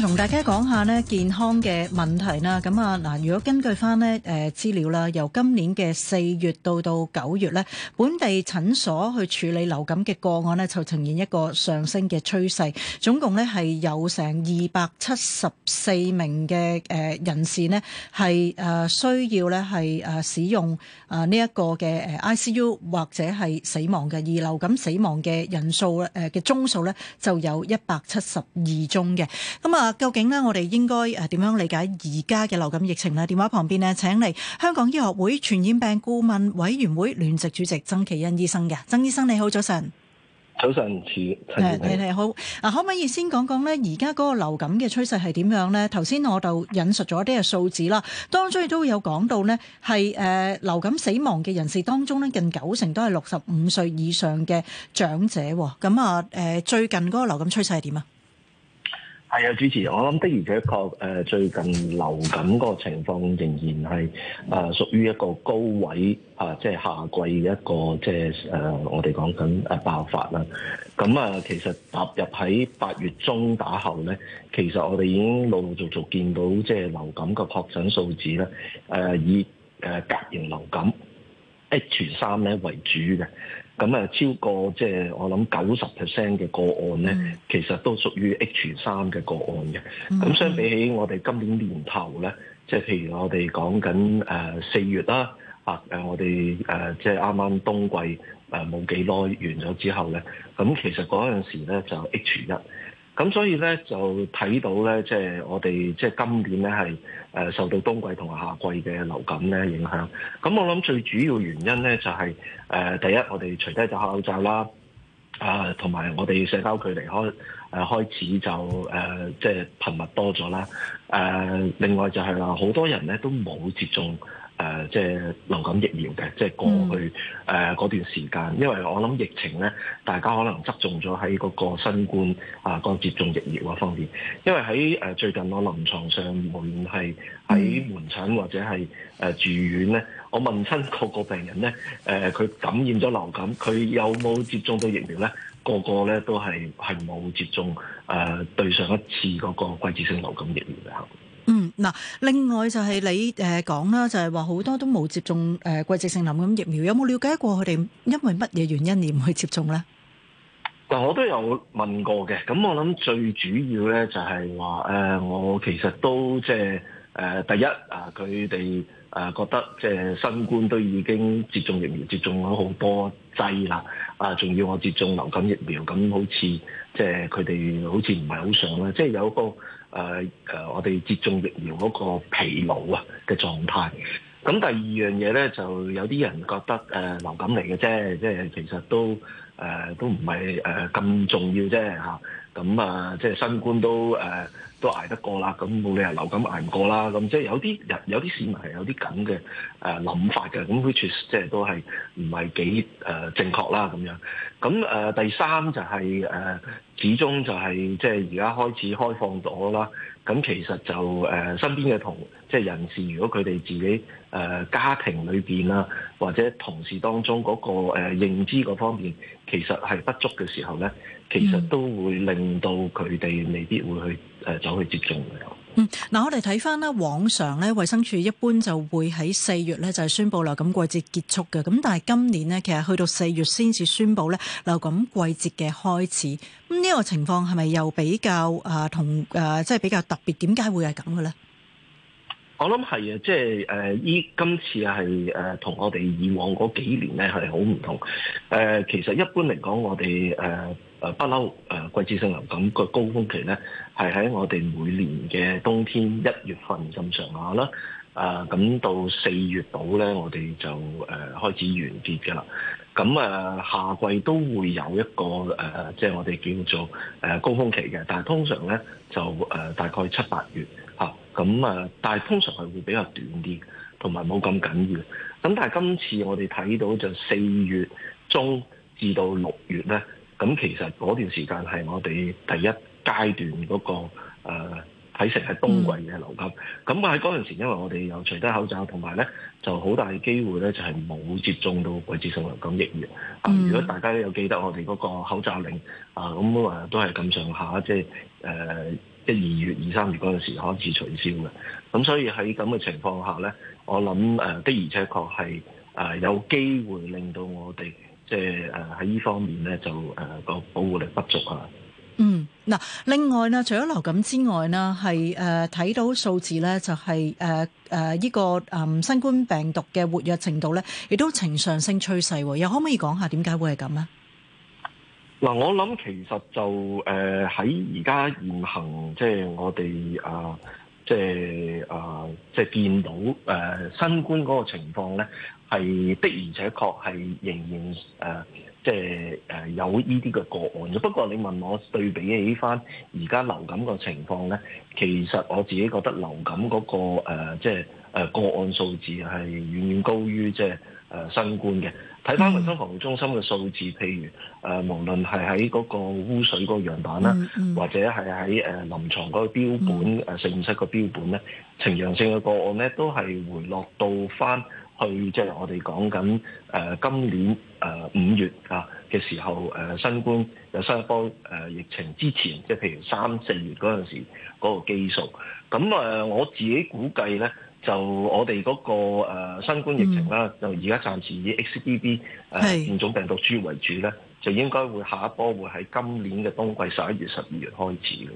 同大家講下咧健康嘅問題啦，咁啊嗱，如果根據翻咧誒資料啦，由今年嘅四月到到九月咧，本地診所去處理流感嘅個案咧，就呈現一個上升嘅趨勢。總共咧係有成二百七十四名嘅誒人士咧係誒需要咧係誒使用啊呢一個嘅誒 ICU 或者係死亡嘅，而流感死亡嘅人數咧誒嘅宗數咧就有一百七十二宗嘅，咁啊。嗱、啊，究竟呢，我哋應該誒點樣理解而家嘅流感疫情呢？電話旁邊呢，請嚟香港醫學會傳染病顧問委員會聯席主席曾祈殷醫生嘅。曾醫生你好，早晨。早晨，陳、啊。你好。嗱、啊，可唔可以先講講呢？而家嗰個流感嘅趨勢係點樣呢？頭先我就引述咗一啲嘅數字啦，當中亦都有講到呢，係誒、呃、流感死亡嘅人士當中呢，近九成都係六十五歲以上嘅長者。咁、哦、啊，誒、呃、最近嗰個流感趨勢係點啊？係啊，主持，我諗的而且確，誒最近流感個情況仍然係誒屬於一個高位啊、呃，即係夏季一個即係誒、呃、我哋講緊誒爆發啦。咁啊，其實踏入喺八月中打後咧，其實我哋已經陸陸續續見到即係流感個確診數字咧，誒、呃、以誒甲型流感 H 三咧為主嘅。咁啊，超過即係我諗九十 percent 嘅個案咧，mm. 其實都屬於 H 三嘅個案嘅。咁、mm. 相比起我哋今年年頭咧，即係譬如我哋講緊誒四月啦，啊誒我哋誒即係啱啱冬季誒冇幾耐完咗之後咧，咁其實嗰陣時咧就 H 一。咁所以咧就睇到咧，即係我哋即係今年咧係誒受到冬季同埋夏季嘅流感咧影響。咁我諗最主要原因咧就係誒第一，我哋除低咗口罩啦，啊同埋我哋社交距離開誒開始就誒即係頻密多咗啦。誒另外就係啦，好多人咧都冇接種誒即係流感疫苗嘅，即係過去。誒嗰、呃、段時間，因為我諗疫情咧，大家可能側重咗喺嗰個新冠啊、呃嗰個接種疫苗方面。因為喺誒、呃、最近我臨床上無論係喺門診或者係誒、呃、住院咧，我問親個個病人咧，誒、呃、佢感染咗流感，佢有冇接種到疫苗咧？個個咧都係係冇接種誒、呃、對上一次嗰個季節性流感疫苗嘅。嗱，另外就係你誒講啦，就係話好多都冇接種誒季節性流感疫苗，有冇瞭解過佢哋因為乜嘢原因你唔去接種咧？嗱，我都有問過嘅，咁我諗最主要咧就係話誒，我其實都即係誒第一啊，佢哋啊覺得即係新冠都已經接種疫苗，接種咗好多劑啦，啊，仲要我接種流感疫苗，咁好似即係佢哋好似唔係好想啦，即係有個。.誒誒，uh, uh, 我哋接種疫苗嗰個疲勞啊嘅狀態。咁第二樣嘢咧，就有啲人覺得誒、uh, 流感嚟嘅啫，即係其實都誒、uh, 都唔係誒咁重要啫嚇。咁啊，啊，即係新冠都誒、uh, 都捱得過啦，咁冇理由流感捱唔過啦。咁即係有啲人有啲市民係有啲咁嘅誒諗法嘅，咁 which is, 即係都係唔係幾誒、uh, 正確啦咁樣。咁誒第三就係誒，始終就係即係而家開始開放咗啦。咁其實就誒身邊嘅同即係人士，如果佢哋自己誒家庭裏邊啦，或者同事當中嗰個誒認知嗰方面，其實係不足嘅時候咧，其實都會令到佢哋未必會去誒走去接種嘅。嗯，嗱，我哋睇返咧，往常咧，衛生署一般就會喺四月咧就係、是、宣布流感季節結束嘅，咁但係今年呢，其實去到四月先至宣布咧流感季節嘅開始，咁呢個情況係咪又比較啊同誒即係比較特別？點解會係咁嘅咧？我諗係啊，即係誒，依、呃、今次係誒同我哋以往嗰幾年咧係好唔同。誒、呃，其實一般嚟講，我哋誒。呃誒不嬲誒季節性流感個高峰期咧，係喺我哋每年嘅冬天一月份咁上下啦。誒咁到四月度咧，我哋就誒、啊、開始完結㗎啦。咁誒夏季都會有一個誒、啊，即係我哋叫做誒、啊、高峰期嘅，但係通常咧就誒、啊、大概七八月嚇。咁、啊、誒，但係通常係會比較短啲，同埋冇咁緊要。咁但係今次我哋睇到就四月中至到六月咧。咁其實嗰段時間係我哋第一階段嗰、那個誒睇、呃、成係冬季嘅流感，咁喺嗰陣時，因為我哋有除低口罩，同埋咧就好大機會咧就係冇接種到季節性流感疫苗。啊、嗯，如果大家有記得我哋嗰個口罩令啊，咁、呃、啊都係咁上下，即係誒一二月二三月嗰陣時開始取消嘅。咁所以喺咁嘅情況下咧，我諗誒的而且確係誒有機會令到我哋。即係誒喺呢方面咧，就誒個保護力不足啊。嗯，嗱，另外呢，除咗流感之外呢，係誒睇到數字咧，就係誒誒呢個誒、呃、新冠病毒嘅活躍程度咧，亦都呈上升趨勢。又可唔可以講下點解會係咁呢？嗱、呃，我諗其實就誒喺而家現行，即係我哋啊。即係誒，即係、即係呃即係、見到誒、呃、新冠嗰個情況咧，係的而且確係仍然誒，即係誒有呢啲嘅個案嘅。不過你問我對比起翻而家流感個情況咧，其實我自己覺得流感嗰、嗰個即係誒個案數字係遠遠高於即係誒新冠嘅。睇翻衞生防護中心嘅數字，譬如誒、呃，無論係喺嗰個污水個樣本啦，嗯嗯、或者係喺誒臨床嗰個標本誒實驗室個標本咧，呈陽性嘅個案咧，都係回落到翻去即係、就是、我哋講緊誒今年誒五、呃、月啊嘅時候誒、呃、新冠有新一波誒、呃、疫情之前，即係譬如三四月嗰陣時嗰個基數。咁誒、呃、我自己估計咧。就我哋嗰個誒新冠疫情啦，就而家暫時以 XBB 誒變種病毒株為主咧，就應該會下一波會喺今年嘅冬季十一月、十二月開始嘅。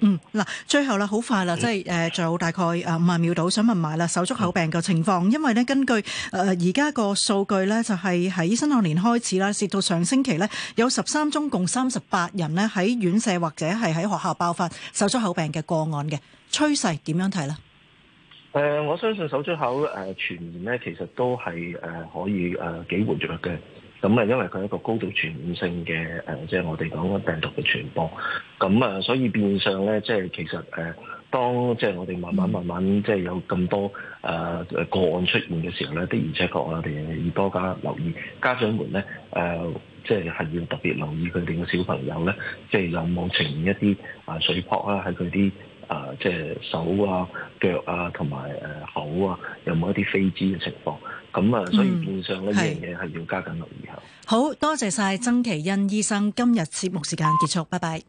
嗯，嗱，最後啦，好快啦，即係誒，仲有大概誒五十秒到，想問埋啦手足口病嘅情況，因為咧根據誒而家個數據咧，就係喺新學年開始啦，至到上星期咧有十三宗共三十八人咧喺院舍或者係喺學校爆發手足口病嘅個案嘅趨勢點樣睇咧？誒、呃，我相信手足口誒、呃、傳染咧，其實都係誒、呃、可以誒、呃、幾活著嘅活躍。咁、呃、啊，因為佢係一個高度傳染性嘅誒、呃，即係我哋講嘅病毒嘅傳播。咁、呃、啊，所以變相咧，即係其實誒、呃，當即係我哋慢慢慢慢即係有咁多誒、呃、個案出現嘅時候咧，的而且確我哋要多加留意。家長們咧，誒、呃、即係係要特別留意佢哋嘅小朋友咧，即係有冇呈現一啲啊水泡啊，喺佢啲。啊，即係手啊、腳啊，同埋誒口啊，有冇一啲飛滋嘅情況？咁啊，所以變相呢樣嘢係要加緊留意下。好多謝晒曾祈殷醫生，今日節目時間結束，拜拜。